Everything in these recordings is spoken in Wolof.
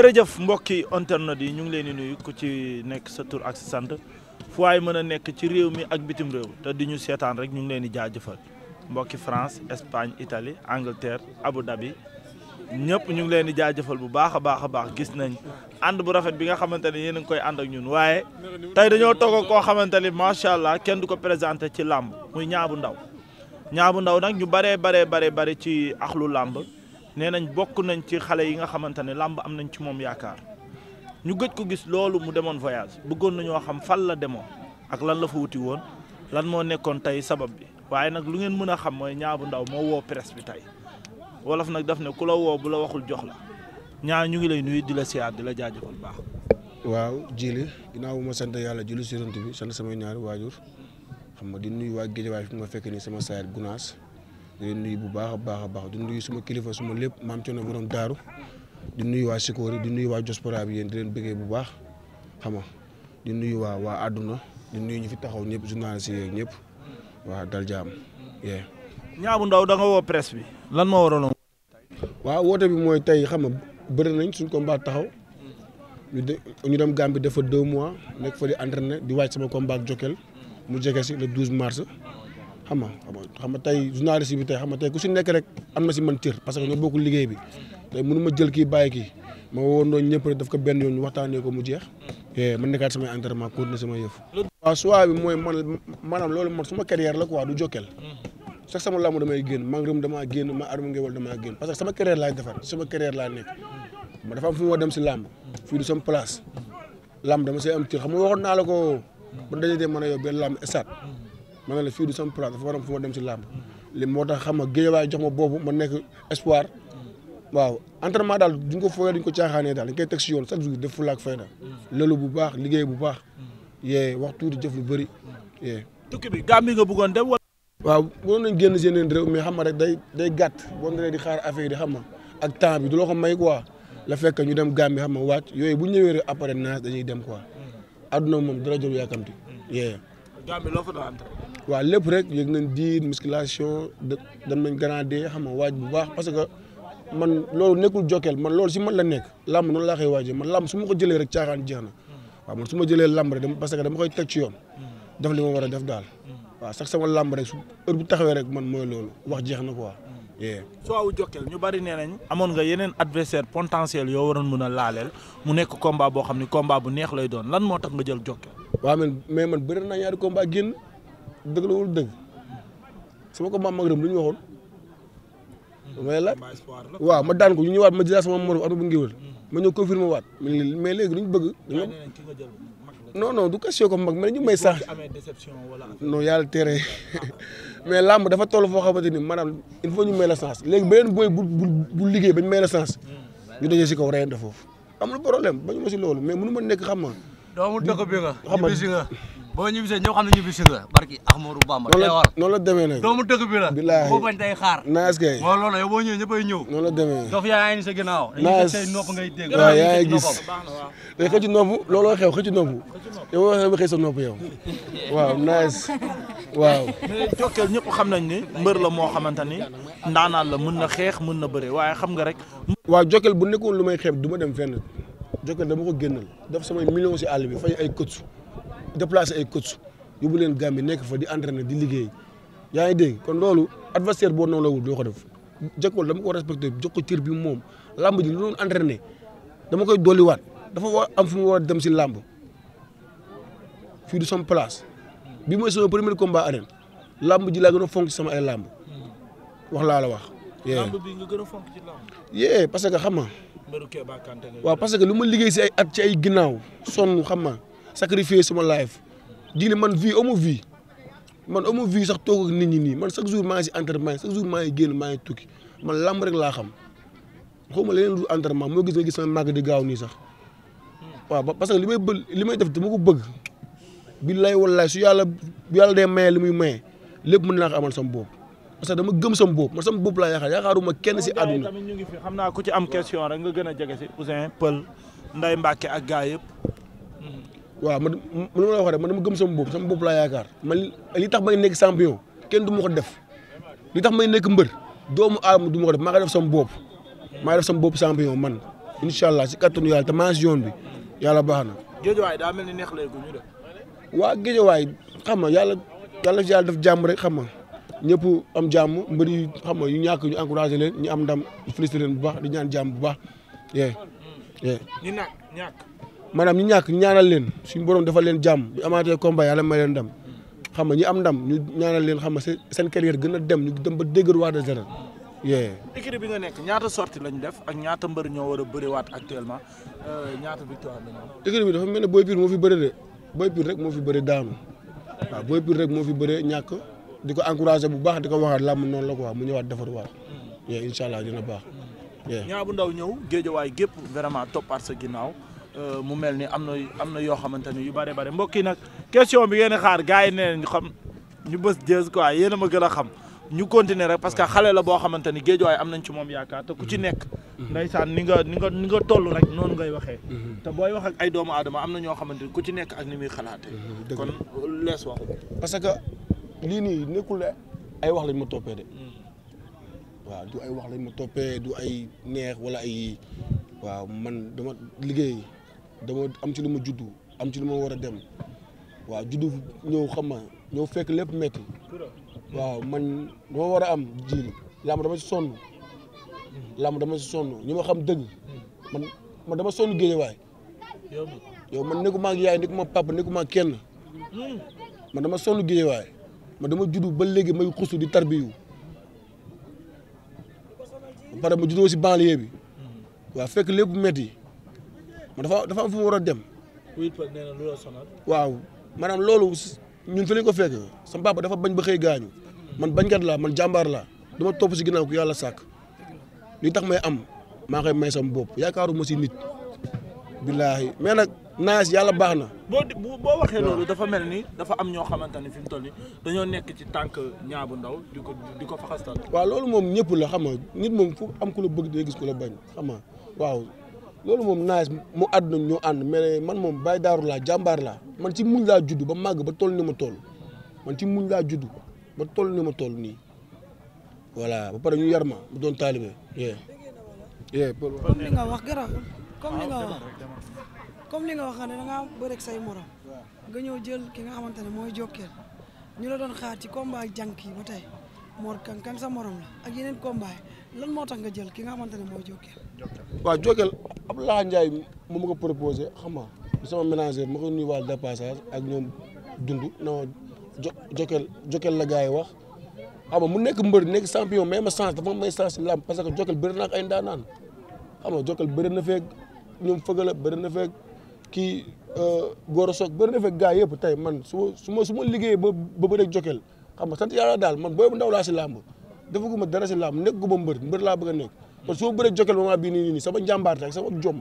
jërëjëf mbokki internet yi ñu ngi leen di nuyu ko ci nekk sa tur ak sa sant fu waay mën a nekk ci réew mi ak bitim réew te di ñu seetaan rek ñu ngi leen di jaajëfal mbokki France Espagne itali Angleterre Abu Dhabi ñëpp ñu ngi leen di jaajëfal bu baax a baax a baax gis nañ ànd bu rafet bi nga xamante ne yéen a ngi koy ànd ak ñun waaye tey dañoo toog koo xamante ni macha allah kenn du ko présenté ci làmb muy bu ndaw bu ndaw nag ñu baree baree baree bare ci axlu làmb nee nañ bokk nañ ci xale yi nga xamante ne làmb am nañ ci moom yaakaar ñu gëj ko gis loolu mu demoon voyage bëggoon nañoo xam fan la demoon ak lan la fa wuti woon lan moo nekkoon tey sabab bi waaye nag lu ngeen mën a xam mooy ñaar bu Ndaw moo woo presse bi tey wolof nag def ne ku la woo bu la waxul jox la ñaar ñu ngi lay nuyu di la siyaar di la jaajëfal baax. waaw jili ginnaaw ma sant yàlla julli si Yonent bi sant samay ñaari waajur xam nga di nuyu waa Géejawaay fi ma fekk nii di nuyu bu baax a baax a baax di nuyu suma kilifa suma lépp maam coono borom daaru di nuyu waa Sikoori di nuyu waa diaspora bi yéen di leen bëggee bu baax xam nga di nuyu waa waa àdduna di nuyu ñu fi taxaw ñëpp journaliste yeeg ñëpp waa dal jaam yee. bu Ndaw da nga woo bi lan moo waraloon. waa woote bi mooy tey xam nga bëri nañ suñ ko combat taxaw. ñu de ñu dem Gambie dafa deux mois nekk fa di entraîné di waaj sama ko mbaat Jokal mu jege si le 12 mars. xam nga xam nga tey journaliste bi tey xam nga tey ku si nekk rek am na si man cër parce que ñoo bokkul liggéey bi tey ma jël kii bàyyi kii ma woon ñëpp rek mu jeex. Eh, man nekkaat defar sama carrière laa nekk ma dafa am fu mu si lamb fii du sama place lamb dama see am cër xam naa la ko ba dañuy dem mën a yóbbee lamb stade ma ne la fii du sama place dafa ma dem si làmb li moo tax xam nga géejawaay jox ma boobu ma nekk espoir waaw entraînement daal duñ ko fooyee duñ ko caaxaanee daal dañ koy teg si yoon chaque jour def fulla ak fayda bu baax liggéey bu baax yee wax tuuti jëf lu bëri yee tukki bi Gambie nga bëggoon dem wala waaw mënoon nañ génn seen réew mais xam nga rek day day gàtt boo nee di xaar affaire yi di xam nga ak ko la fekk ñu dem Gambie xam nga wàcc yooyu bu ñëwee rek après naas dañuy dem quoi adduna mm. moom dara jël yàkkamti yee Gambie loo waaw lépp rek yëg nañ diir musculation da dañ nañ grandé xam nga waaj bu baax parce que man loolu nekkul jokkeel man loolu si man la nekk làmb noonu laa koy waajee man làmb su ma ko jëlee rek na waaw man su ma jëlee làmb rek parce que dama koy teg ci yoon def li ma war a def daal waaw sax sama làmb rek heure bu taxawee rek man mooy loolu wax jeex na quoi. soo awu jokkeel ñu bari nee nañ amoon nga yeneen adversaire potentiel yoo waroon mën a laaleel mu nekk combat boo xam ne combat bu neex lay doon lan moo tax nga jël jokkeel. dëgg la wala dëgg sama ko maam ma gërëm lu ñu waxoon. ma la waaw ma daan ko ñu ñëwaat ma jëlaat sama morom at bu ngéwél ma ñëw confirmé waat mais léegi lu ñu bëgg. non non du question ko mag mais ñu may sax non yàlla tere mais làmb dafa toll foo xamante ni maanaam il ñu may la chance léegi beneen booy may la chance hmm. ñu dajee si kaw reyante foofu amul problème bañu ma si loolu mais mënu ma nekk xam nga. xam nga boo ñibbisee ñoo xam ne ñibbisi nga la noonu la demee nag doomu dëkk la. bilaay boo bañ day xaar. naas kay moo loolu yow boo ñëwee ñëw. noonu la demee dof yaa ngi sa ginnaaw. waaw yaa ngi gis day xëcc nopp looloo xew xëcc nopp yow sa nopp yow waaw naas waaw. xam nañ ni mbër la moo xamante ni ndaanaan la mën na xeex mën na bëre waaye xam nga rek. waaw Jokal bu nekkoon lu may xeeb du ma dem fenn Jokal dama ko génnal def samay millions si àll bi fay ay coach déplacé ay coach yóbbu leen Gambie nekk fa di entraîner di liggéey yaa ngi dégg kon loolu adversaire boo noonu la wul doo ko def Jokalante dama ko respecté jox ko cër bi moom làmb ji lu doon entraîner dama koy dolliwaat dafa war am fu mu war a dem si làmb fii du sama place bi mooy sama premier combat arène làmb ji laa gën a fonk sama ay làmb wax laa wax. làmb bi a fonk ci làmb. yee parce que xam nga. waaw parce que lu ma liggéey si ay at ay ginnaaw sonn xam nga sacrifier suma life jili man vie amu vi man amu vi sax toog ak nit ñi nii man chaque jour maa ngi si entraînement chaque jour maa ngi génn tukki man làmb rek laa xam xaw ma leneen lu entraînement ma gis nga gis sama màgg di gaaw nii sax waaw parce que li may bëgg li may def dama ko bëgg billaay wallaay su yàlla yàlla de maye li muy maye lépp mën naa ko amal sama bopp parce que dama gëm sama bopp man sama la laa yaakaar ma kenn si àdduna tamit ñu ngi fi naa ku ci am question rek nga gën a jege si Ouzin Peul Ndeye Mbacke ak gaa yëpp waaw man lu ma la wax rek man dama gëm sama bopp sama bopp laa yaakaar man li tax may nekk champion kenn du ma ko def li tax may nekk mbër doomu aadama du ma ko def maa ko def sama bopp maa def sama bopp champion man incha allah si kattanu yàlla te maa si yoon bi yàlla baax na. géejewaay daa mel ni neex lay gudd ñu def. waa géejewaay xam nga yàlla yàlla yàlla def jàmm rek xam nga ñëpp am jàmm mbër yi xam nga ñu ñàkk ñu encouragé leen ñu am ndam félicité leen bu baax di ñaan jàmm bu baax. ñu ñàkk ñàkk. maanaam ñu ñàkk ñaanal leen suñu borom dafa leen jàmm bu amaatee combat yàlla may leen ndam xam nga ñi am ndam ñu ñaanal leen xam nga seen carrière gën a dem ñu dem ba dégër waa de zéro yee écurie bi nga nekk ñaata sortie lañ def ak ñaata mbër ñoo war a bëriwaat actuellement euh, ñaata victoire lañ am écurie dafa mel ne Boy Pire moo fi bëri de Boy rek moo fi bëri daanu waaw Boy Pire rek moo fi bëree ñàkk di ko encouragé bu baax di ko waxaat làmb noonu la quoi mu ñëwaat defaruwaat yee incha allah dina baax ñaa bu ndaw ñëw géejawaay gépp vraiment toppaat sa ginnaaw Euh, mu mel ni am na am na yoo xamante ni yu bare bare mbokk yi nag question bi ngeen xaar gars yi nee ñu xam ñu bës jees quoi yéen a ma gën a xam ñu continuer rek parce que xale la boo xamante ni géej waay am nañ ci moom yaakaar te ku ci mm-hmm. nekk. Mm-hmm. ndaysaan ni nga ni nga ni nga toll rek noonu ngay waxee. Mm-hmm. te booy wax ak ay doomu aadama am na ñoo xamante ni ku ci nekk ak ni muy xalaatee. kon lees waxu parce que lii nii nekkul ay wax lañ ma toppee de. Mm. waaw du ay wax lañ ma toppee du ay neex wala ay waaw man dama liggéey. dama am ci lu ma juddu am ci lu ma war a dem waaw juddu ñëw xam ma ñëw fekk lépp metti waaw man dama war a am jiili làmb dama ci sonn làmb dama ci sonn ñi ma xam dëgg man man dama sonn géejewaay yow man nekkuma ak yaay nekkuma ak papa nekkuma kenn man dama sonn géejewaay man dama juddu ba léegi may xusu di tarbiyu ba pare ma juddoo si banlieue bi waaw fekk lépp metti dafa dafa am fu mu war a dem. oui waaw maanaam loolu ñun fi lañ ko fekk sama papa dafa bañ ba xëy gaañu man bañkat la man jàmbaar la dama topp si ginnaaw ku yàlla sàkk li tax may am maa koy may sama bopp yaakaaruma si nit. billaahi mais nag naas yàlla baax na. boo boo waxee loolu dafa mel ni dafa am ñoo xamante ne fi mu toll nii dañoo nekk ci tànk Niang bu Ndaw di ko ko faxastal. waaw loolu moom ñëpp la xam nga nit moom fu am ku la bëgg day gis ku la bañ xam waaw. loolu moom naaj mu àdduna ñoo ànd mais man moom bàyyi daaru laa jàmbaar la man ci muñ laa juddu ba màgg ba toll ni ma toll man ci muñ laa judd ba toll ni ma toll nii voilà ba pare ñu yar ma mu doon taalibe yee yee comme li nga wax gara comme li nga wax comme li nga wax ne da say morom nga ñëw jël ki nga xamante ne mooy jokkeel ñu la doon xaar ci combat jànk yi ba tey Mor Kang sa morom ak yeneen combat yi lan moo tax jël ki nga xamante ne mooy Jokal. waaw Jokal Ndiaye mu ma xam nga sama ménager ma koy ak ñoom dund non jo la gars yi wax xam mu nekk mbër nekk champion mais ma chance dafa may chance si làmb parce que Jokal bëri na ak ay ndaanaan xam na feeg ñoom fëgala bëri na feeg kii euh, Goro Sock bëri na feeg gars yëpp tey man su su ma su ma liggéeyee ba ba bëreeg Jokal xam nga sant yàlla daal man booy bu ndaw laa si làmb. defaguma dara si làmb nekkuma mbër mbër laa bëgg a nekk kon su ma bëree jokel moment bii nii nii sama jàmbaarte ak sama jom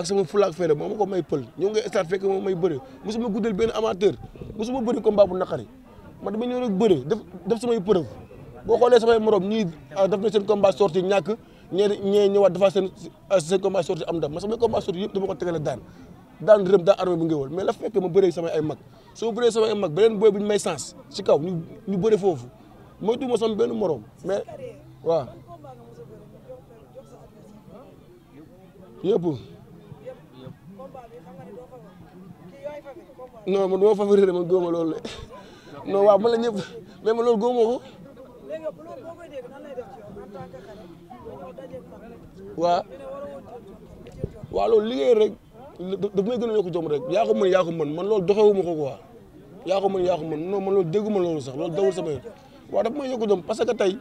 ak sama fulaak fayda moo ma ko may pël ñëw nga stade fekk moom may bëre mosuma guddal benn amateur mosuma bëri combat bu naqari man dama ñëw rek bëre def def samay preuve boo xoolee samay morom ñii ah, def na seen combat sorti ñàkk ñee ñee ñëwaat dafa seen ah, seen combat sorti am ndam man samay combat sorti yëpp dama ko tegale daan daan rëm daan armée bu ngéwal mais la fekk ma bëree samay ay mag soo bëree samay ay mag beneen booy bu ñu may sens ci kaw ñu ñu bëre foofu moytu ma sama benn morom mais waaw yëpp non man duma favori man góoma loolu de non waaw man la ñëpp mais ma loolu góoma ko waaw waaw loolu liggéey rek daf may gën yokk jom rek yaa ko mën man ko mën man loolu doxewuma ko quoi yaa ko mën yaa ko mën non man loolu dégguma loolu sax loolu dawul sama yoon waaw daf may yokk doom parce que tey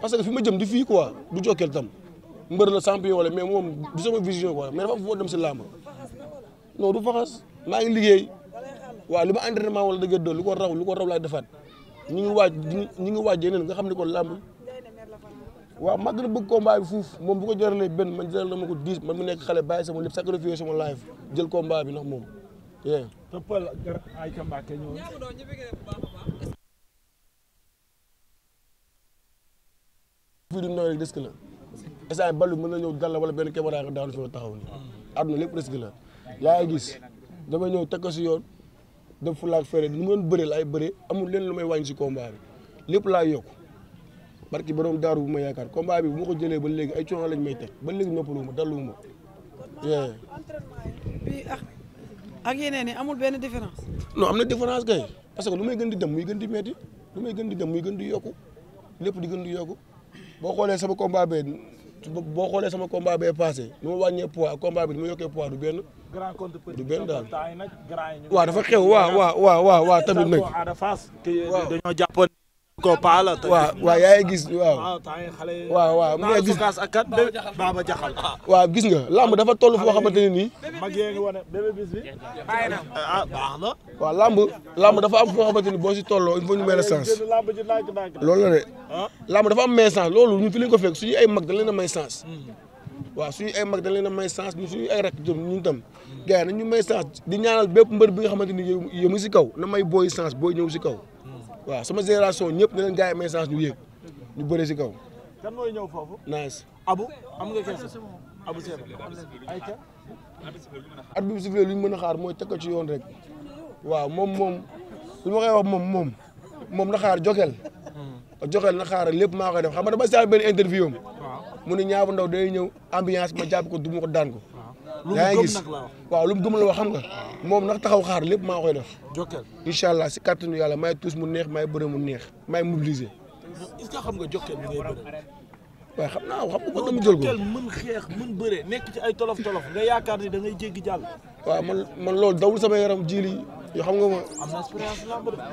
parce que fi ma jëm di fii quoi du jokkeel tam mbër la champion wala mais moom du sama vision quoi mais dafa am foo dem si làmb non du faxas maa ngi liggéey waaw li ma entraînement wala dëgg doon lu ko raw lu ko raw laay ñu ngi waaj ñu ngi waaj yeneen nga xam ne kon làmb waaw maa gën a bëgg combat moom bu ko jëralee benn man jëral na ma ko man mu nekk xale bàyyi sama lépp sacrifier sama life jël combat bi ndax moom. fii du nooy rek risque la instant balu mën na ñëw dal la benn caméra nga daanu fi taxaw ni àdduna lépp risque la laa ngi gis damay ñëw teg ko si yoon def fu laak fere nu mu doon laay bëree amul leen lu may wàññi si combat lépp laa yokk barki borom daaru ma yaakaar combat bi bu ko jëlee ba léegi ay coono lañ may teg ba léegi noppaluma daluma ak yeneen yi amul benn différence. non am na différence kay parce que lu may gën di dem muy gën di metti lu may gën di dem muy gën di yokku lépp di gën di yokku boo xoolee sama combat bee boo xoolee sama combat bee passé nu ma wàññee poids combat bi nu ma yokkee poids du benn. grand contre petit du benn daal waaw dafa xew waaw waa waa waaw tamit nag. waaw dañoo jàppoon. ko paala waaw waaw yaa ngi gis waaw waaw waaw mu ngi gis Baba Jaxal waaw gis nga làmb dafa toll foo xamante ne nii mag yee ngi wane bébé bis bi ah baax na waaw làmb làmb dafa am foo xamante ni boo si tolloo il faut ñu may la sens loolu la de ah. làmb dafa am may sens loolu ñu fi lañ ko fekk suñu ay mag dañ leen a may sens hmm. waaw suñu ay mag dañ leen a may sens ñu suñu ay rek jëm ñun tam gars yi nañ ñu may sens di ñaanal bépp mbër bi nga xamante ni yëmu si kaw na may booy sens booy ñëw si kaw waaw sama génération ñëpp ne leen gars yi am essence ñu ñu bëre si kaw. kan mooy ñëw foofu. nice abu am nga kees abu seet ay ca. at bi sifle lu ñu mën a xaar mooy teg ko ci yoon rek waaw moom moom lu ma moom moom moom na xaar jokel hmm. jokel na xaar lépp maa koy def xam nga dama saa benn interview am mu ne ñaabu ndaw day ñëw ambiance ma jàpp ko du ko daan ko. yaa ngi gis waaw lu mu gëm la wax xam nga moom ndax taxaw xaar lépp maa koy def incha allah si kàttanu yàlla may tuus mu neex may bëre mu neex may mobiliser est-ce xam nga jokkeel bi ngay bëre waaw xam naa xam nga ko dama xeex mën nekk ci ay tolof tolof nga yaakaar ni da ngay jéggi jàll waaw man man loolu dawul sama yaram jili yoo xam nga ma am na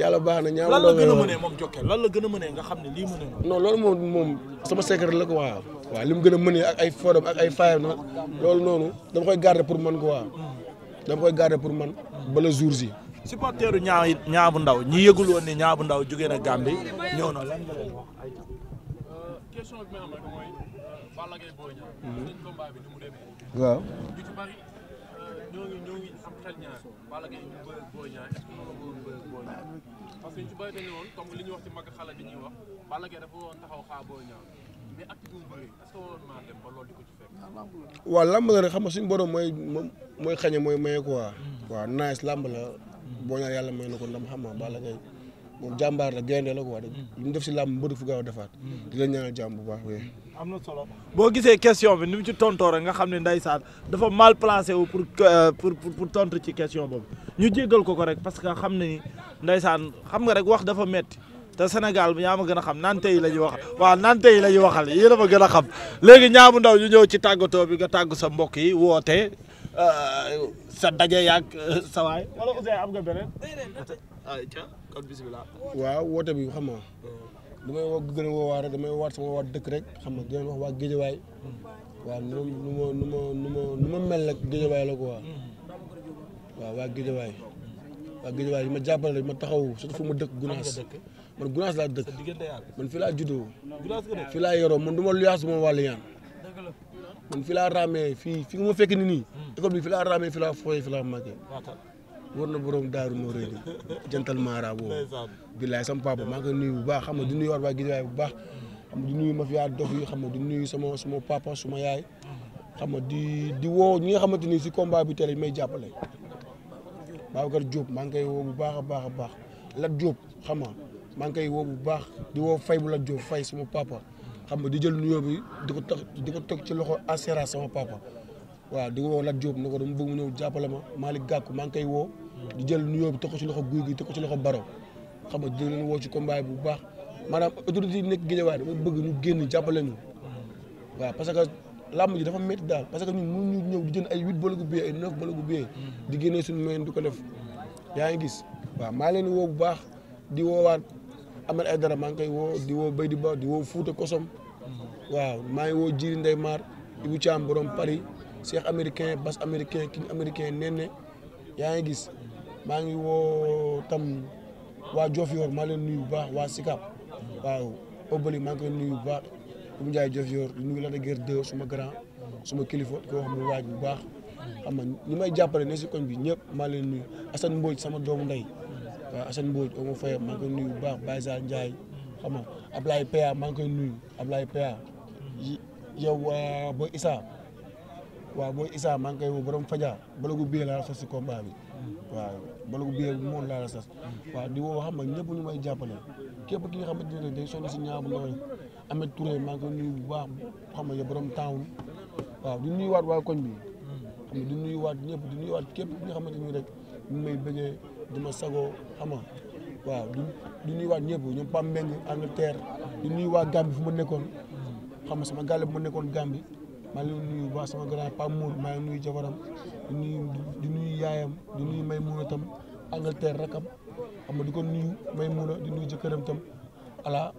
yàlla baax na ñaar la gën a mënee moom lan la gën a mënee nga xam ne lii mënee loolu moom moom sama secret la ko waaw waaw li mu gën a mënee ak ay fodam ak ay fayam nag loolu noonu dama koy garder pour man quoi dama koy garder pour man ba le jour ji. supporteru ñaa ñaa bu ndaw ñi yëgul woon ñaa bu ndaw jógee na Gambie ñëw na lan nga ay question bi ma am rek mooy li ñu wax ñuy wax Balla Gaye dafa woon taxaw waaw lamb la rek xam nga suñu borom mooy mooy xañe mooy maye quoi. Hmm. waaw nice lamb la. boo ñaan yàlla may na ko ndam xam nga Balla Gaye moom jàmbaar la gaynde la quoi. Hmm. li mu def si làmb mbëri fu gaaw a defaat. Hmm. di la ñaanal jàmm am na solo boo gisee question bi nu mu ci tontoore nga xam ne ndeysaan dafa mal placé wu euh, pour pour pour tontu ci question boobu ñu jéggal ko ko rek parce que xam na ni ndeysaan xam nga rek wax dafa metti te senegal bi ñaa ma gën a xam nante yi la ñuy wax waaw nante yi la ñuy waxal yéen a ma gën a xam léegi ñaamu ndaw ñu ñëw ci tàggatoo bi nga tàggu sa mbokk yi woote euh, sa daje yaag euh, sa waay wala Ousseyn am nga woote bi xam nga damay woo gën a woowaat rek damay woowaat sama woowaat dëkk rek xam nga di leen wax waa Géejawaay waaw nu nu ma nu ma ma nu ma la quoi waaw waa Géejawaay waa Géejawaay ma ma taxaw surtout fu ma dëkk Gunaas. man Gunaas laa dëkk man fi laa juddoo fi laa yoroo man du ma luyaas ma wàllu yaan man fi laa raamee fii fi nga ma fekk ni nii hmm. école bi fi laa raamee fi laa fooyee fi laa màggee war na borom daaru moo jantal maara boobu billaay sama papa maa ngi bu baax xam nga di nuyu war waa Guédiawaye bu baax xam nga di nuyu ma fi yaa dof xam nga di nuyu sama sama papa suma yaay xam nga di di woo ñi nga xamante ni si combat bi teel may jàppale Babacar Diop maa ngi koy woo bu baax a baax a baax Lat Diop xam nga maa ngi koy woo bu baax di woo fay bu la Diop fay sama papa xam nga di jël nuyoo bi di ko teg di ko teg ci loxo Asera sama papa waaw di woo la Diop ne ko dama bëgg mu ñëw jàppale ma Malick Gakou maa ngi koy woo jël nuyoo bi teg ko loxo guy gi teg loxo Baro xam nga di woo ci combat bu baax maanaam autorité yi nekk Guédiawaye bëgg ñu génn jàppale ñu waaw parce que làmb ji dafa métti daal parce que ñun mënuñu ñëw di jënd ay huit bologu billets ay neuf bologu billets di génn suñu moyen du ko def yaa ngi gis waaw maa leen woo bu baax di woowaat Ahmed Aïdara maa ngi koy woo di woo Baydi di woo Fouta Kosom waaw maa ngi woo Jiri Ndeye Mar Ibou Thiam borom Paris Cheikh américain Bass américain King américain Nene yaa ngi gis maa ngi woo tam waa yoor maa leen nuyu bu baax waa Sicap waaw Obali maa ngi koy nuyu bu baax Ibou Ndiaye Diofior nuyu la de guerre deux suma grand suma kilifa ko wax mu waaj bu baax xam nga ñi may jàppale ne si koñ bi ñëpp maa leen nuyu Assane Mbodj sama doomu ndey waaw Assane Mbodj oo ma fayam nuyu bu baax Baye Sall Ndiaye xam nga Ablaye Pea maa ngi koy nuyu Ablaye Pea yow booy Issa waaw booy Issa maa ngi koy woo borom faja balogu biyee laa la sas si combat bi waaw biyee bu laa la sas waaw di xam nga ñëpp ñu may jàppale képp ki nga xamante ne day sonn si ñaabu loolu Amed nuyu bu baax xam nga yow borom town waaw di nuyuwaat waa koñ mm. xam nga di may bëggee du ma sagoo xam nga waaw du du nuyuwaat ñëpp ñoom Pam Mbengue Angleterre du nuyu waa Gambie fu ma nekkoon xam nga sama gàlle bu ma nekkoon Gambie maa ngi leen nuyu bu baax sama grand Pam Mour maa ngi nuyu jabaram di nuyu di nuyu yaayam di nuyu Maymouna tam Angleterre rakam xam nga di ko nuyu Maymouna di nuyu jëkkëram tam ala